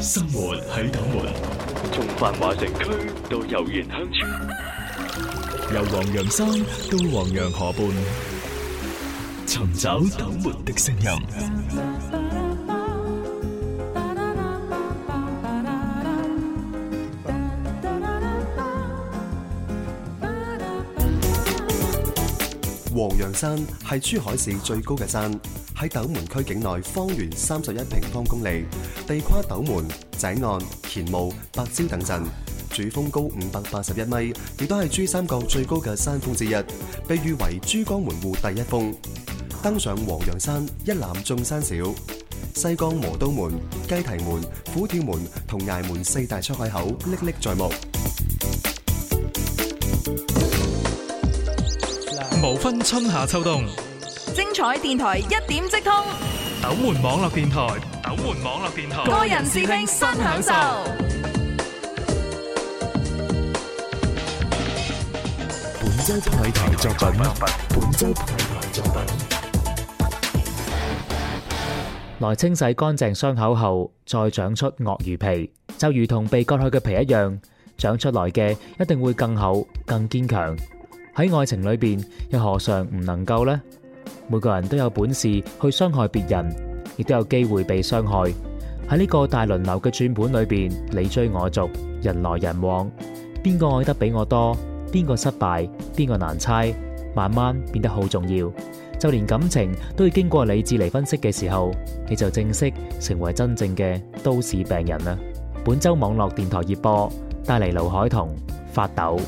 生活喺斗門，從繁華城區到悠然鄉村，由黃楊山到黃楊河畔，尋找斗門的聲音。黃楊山係珠海市最高嘅山，喺斗門區境內，方圓三十一平方公里，地跨斗門、井岸、乾務、白蕉等鎮，主峰高五百八十一米，亦都係珠三角最高嘅山峰之一，被譽為珠江門戶第一峰。登上黃楊山，一覽眾山小，西江磨刀門、雞啼門、虎跳門同崖門四大出海口歷歷在目。分春夏秋冬，精彩電台一點即通。斗門網絡電台，斗門網絡電台，個人視聽新享受。本周派台作品，本周派台作品。來清洗乾淨傷口後再長出鱷魚皮，就如同被割去嘅皮一樣，長出來嘅一定會更厚、更堅強。喺愛情裏邊，又何嘗唔能夠呢？每個人都有本事去傷害別人，亦都有機會被傷害。喺呢個大輪流嘅轉盤裏邊，你追我逐，人來人往，邊個愛得比我多，邊個失敗，邊個難猜，慢慢變得好重要。就連感情都要經過理智嚟分析嘅時候，你就正式成為真正嘅都市病人啦。本周網絡電台熱播，帶嚟盧海鵬發抖。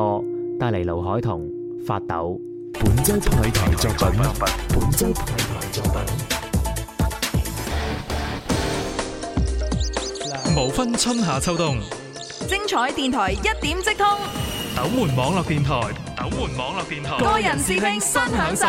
播帶嚟盧海彤，發抖，本周派台作品，本周派台作品，無分春夏秋冬，精彩電台一點即通，鬥門網絡電台，鬥門網絡電台，個人視聽新享受。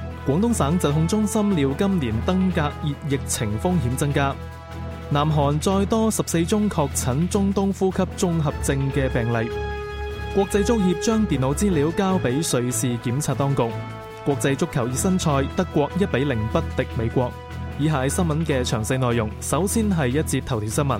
廣東省疾控中心料今年登革熱疫情風險增加。南韓再多十四宗確診中東呼吸綜合症嘅病例。國際足協將電腦資料交俾瑞士檢察當局。國際足球熱身賽，德國一比零不敵美國。以下係新聞嘅詳細內容，首先係一節頭條新聞。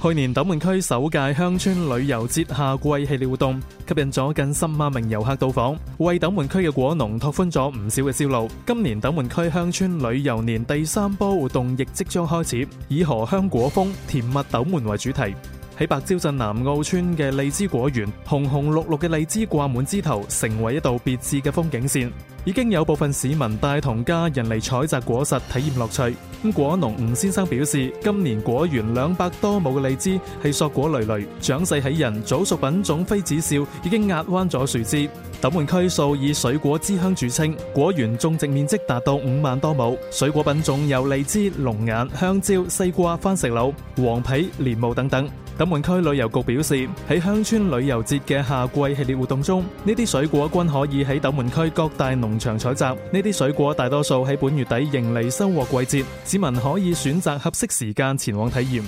去年斗門區首屆鄉村旅遊節夏季系列活動吸引咗近三萬名遊客到訪，為斗門區嘅果農拓寬咗唔少嘅銷路。今年斗門區鄉村旅遊年第三波活動亦即將開始，以“荷香果豐，甜蜜斗門”為主題。喺白蕉鎮南澳村嘅荔枝果園，紅紅綠綠嘅荔枝掛滿枝頭，成為一道別致嘅風景線。已經有部分市民帶同家人嚟採摘果實，體驗樂趣。果農吳先生表示，今年果園兩百多畝嘅荔枝係碩果累累，長勢喜人。早熟品種妃子笑已經壓彎咗樹枝。斗門區素以水果之鄉著稱，果園種植面積達到五萬多畝，水果品種有荔枝、龍眼、香蕉、西瓜、番石榴、黃皮、蓮霧等等。斗門區旅遊局表示，喺鄉村旅遊節嘅夏季系列活動中，呢啲水果均可以喺斗門區各大農場採摘。呢啲水果大多數喺本月底迎嚟收穫季節，市民可以選擇合適時間前往體驗。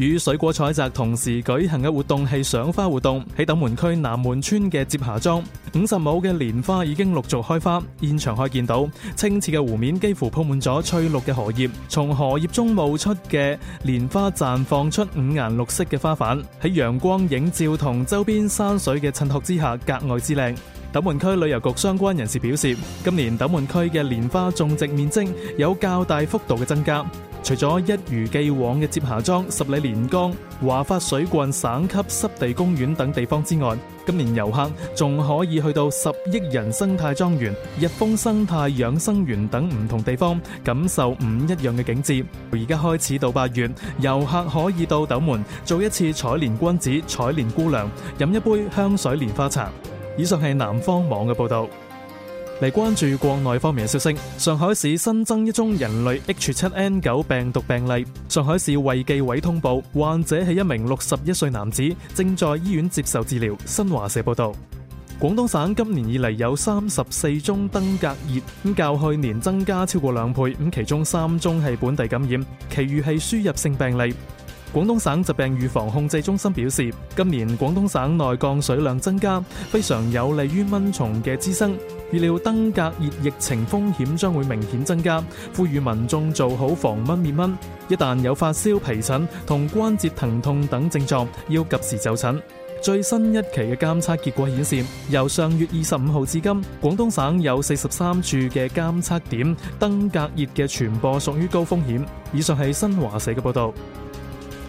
與水果採摘同時舉行嘅活動係賞花活動，喺斗門區南門村嘅接霞莊，五十畝嘅蓮花已經陸續開花。現場可以見到清澈嘅湖面幾乎鋪滿咗翠綠嘅荷葉，從荷葉中冒出嘅蓮花綻放出五顏六色嘅花瓣，喺陽光映照同周邊山水嘅襯托之下，格外之靚。斗門區旅遊局相關人士表示，今年斗門區嘅蓮花種植面積有較大幅度嘅增加。除咗一如既往嘅接霞莊、十里蓮江、華發水郡省級濕地公園等地方之外，今年遊客仲可以去到十億人生態莊園、日豐生態養生園等唔同地方，感受唔一樣嘅景致。而家開始到八月，遊客可以到斗門做一次採蓮君子、採蓮姑娘，飲一杯香水蓮花茶。以上係南方網嘅報道。嚟關注國內方面嘅消息。上海市新增一宗人類 H7N9 病毒病例。上海市衛計委通報，患者係一名六十一歲男子，正在醫院接受治療。新華社報道，廣東省今年以嚟，有三十四宗登革熱，咁較去年增加超過兩倍。咁其中三宗係本地感染，其餘係輸入性病例。廣東省疾病預防控制中心表示，今年廣東省內降水量增加，非常有利於蚊蟲嘅滋生。預料登革熱疫情風險將會明顯增加，呼籲民眾做好防蚊滅蚊。一旦有發燒、皮疹同關節疼痛等症狀，要及時就診。最新一期嘅監測結果顯示，由上月二十五號至今，廣東省有四十三處嘅監測點登革熱嘅傳播屬於高風險。以上係新華社嘅報道。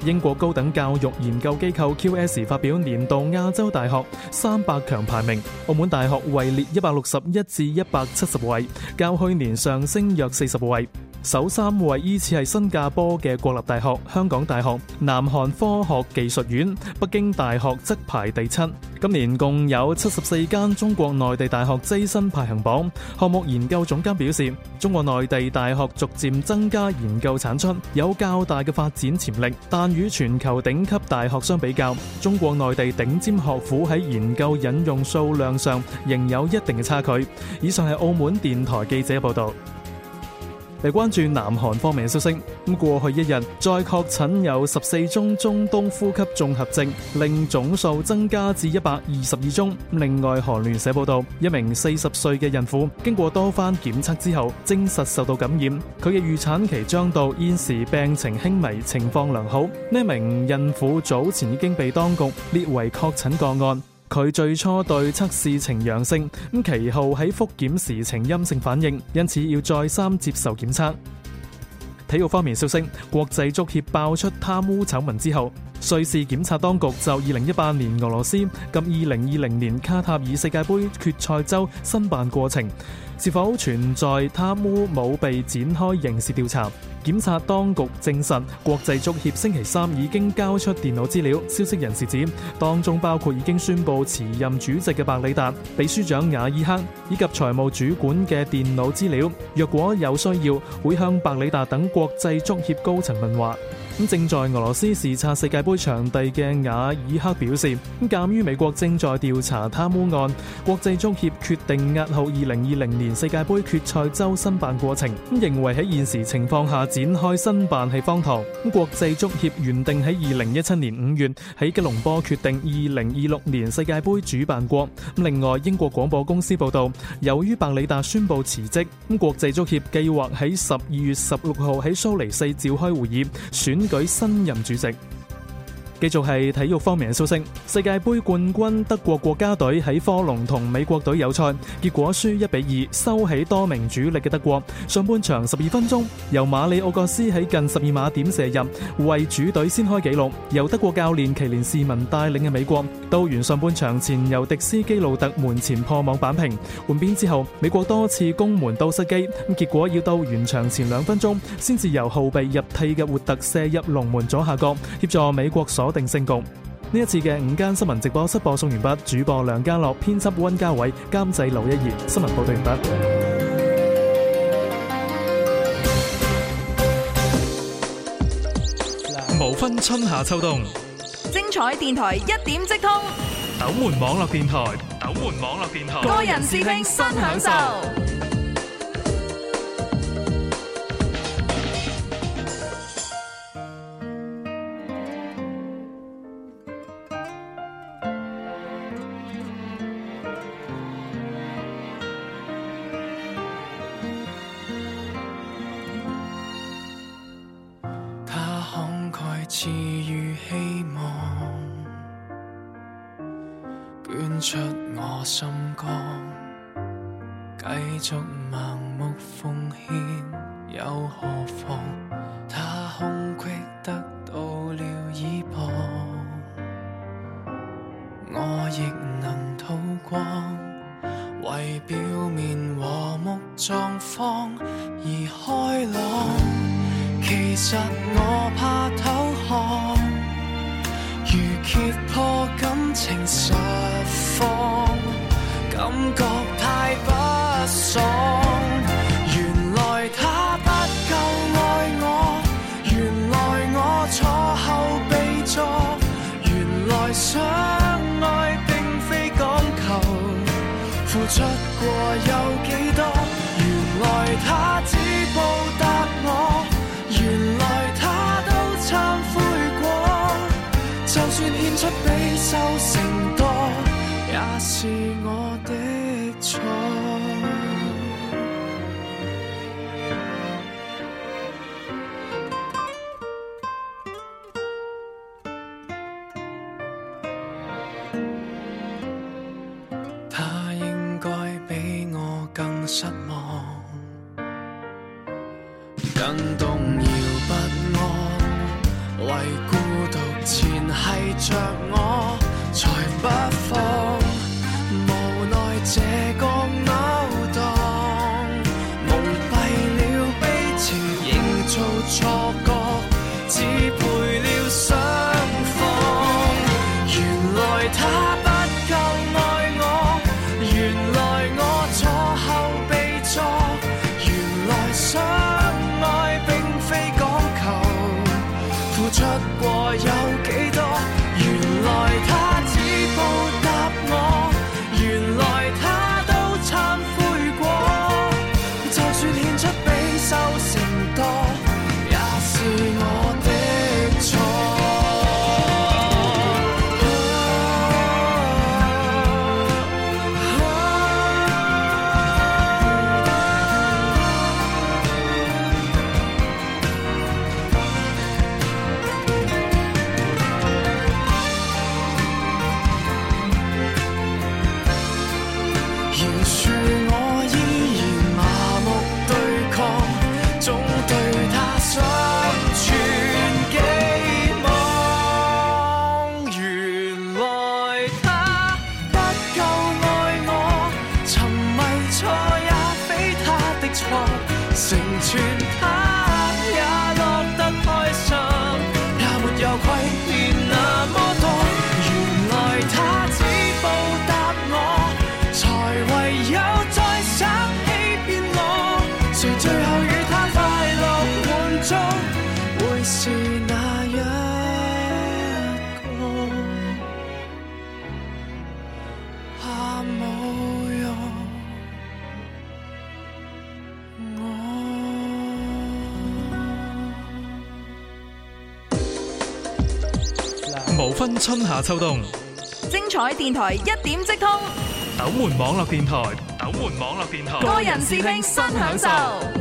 英國高等教育研究機構 QS 發表年度亞洲大學三百強排名，澳門大學位列一百六十一至一百七十位，較去年上升約四十位。首三位依次係新加坡嘅國立大學、香港大學、南韓科學技術院，北京大學則排第七。今年共有七十四間中國內地大學躋身排行榜。項目研究總監表示，中國內地大學逐漸增加研究產出，有較大嘅發展潛力，但與全球頂級大學相比較，中國內地頂尖學府喺研究引用數量上仍有一定嘅差距。以上係澳門電台記者報道。嚟關注南韓方面消息，咁過去一日再確診有十四宗中東呼吸綜合症，令總數增加至一百二十二宗。另外，韓聯社報道，一名四十歲嘅孕婦經過多番檢測之後，證實受到感染。佢嘅預產期將到，現時病情輕微，情況良好。呢名孕婦早前已經被當局列為確診個案。佢最初對測試呈陽性，咁其後喺復檢時呈陰性反應，因此要再三接受檢測。體育方面消息，國際足協爆出貪污醜聞之後，瑞士檢察當局就二零一八年俄羅斯及二零二零年卡塔爾世界盃決賽周申辦過程是否存在貪污，冇被展開刑事調查。檢察當局證實，國際足協星期三已經交出電腦資料。消息人士指，當中包括已經宣布辭任主席嘅白禮達、秘書長瓦爾克以及財務主管嘅電腦資料。若果有需要，會向白禮達等國際足協高層問話。正在俄羅斯視察世界杯場地嘅瓦爾克表示，咁鑒於美國正在調查貪污案，國際足協決定押後二零二零年世界杯決賽周申辦過程，認為喺現時情況下展開申辦係荒唐。國際足協原定喺二零一七年五月喺吉隆坡決定二零二六年世界杯主辦國。另外，英國廣播公司報道，由於白里達宣布辭職，國際足協計劃喺十二月十六號喺蘇黎世召開會議選。舉新任主席。繼續係體育方面嘅消息。世界盃冠軍德國國家隊喺科隆同美國隊友賽，結果輸一比二。收起多名主力嘅德國，上半場十二分鐘，由馬里奧格斯喺近十二碼點射入，為主隊先開紀錄。由德國教練奇連士文帶領嘅美國，到完上半場前由迪斯基路特門前破網扳平。換邊之後，美國多次攻門都失機，結果要到完場前兩分鐘，先至由後備入替嘅活特射入龍門左下角，協助美國所定勝局。呢一次嘅午間新聞直播室播送完畢。主播梁家樂，編輯温家偉，監製劉一言，新聞報道完畢。無分春夏秋冬，精彩電台一點即通，斗門網絡電台，斗門網絡電台，個人視聽新享受。賜予希望，捐出我心肝，繼續盲目奉獻又何妨？他空隙得到了倚傍，我亦能透光。為表面和睦狀況而開朗， 其實我怕透。如揭破感情實況，感覺太不爽。原來他不夠愛我，原來我坐後備座。原來相愛並非講求付出過有。春夏秋冬，精彩電台一點即通。斗門網絡電台，斗門網絡電台，個人視聽新享受。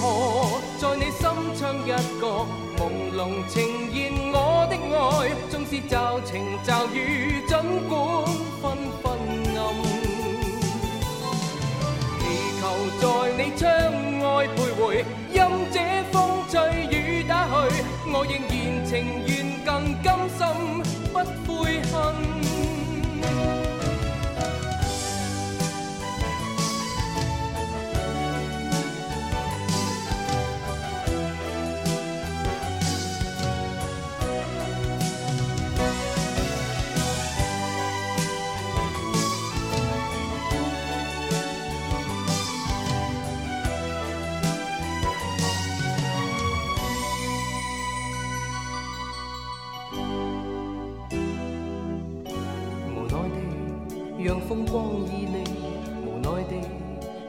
何在你心窗一角，朦朧呈現我的愛，縱是驟晴驟雨，儘管昏昏暗，祈求在你窗外徘徊。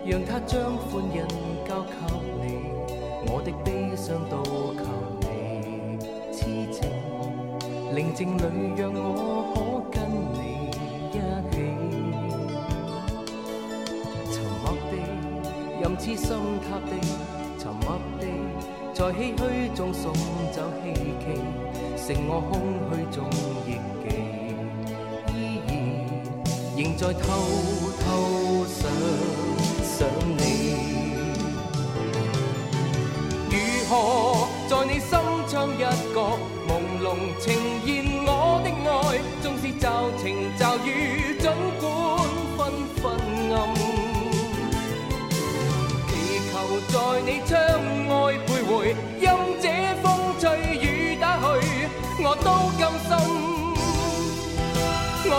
讓他將歡欣交給你，我的悲傷都靠你。痴情寧靜裏，讓我可跟你一起。沉默地，任痴心塌地，沉默地，在唏噓中送走希冀，剩我空虛中憶記，依然仍在偷。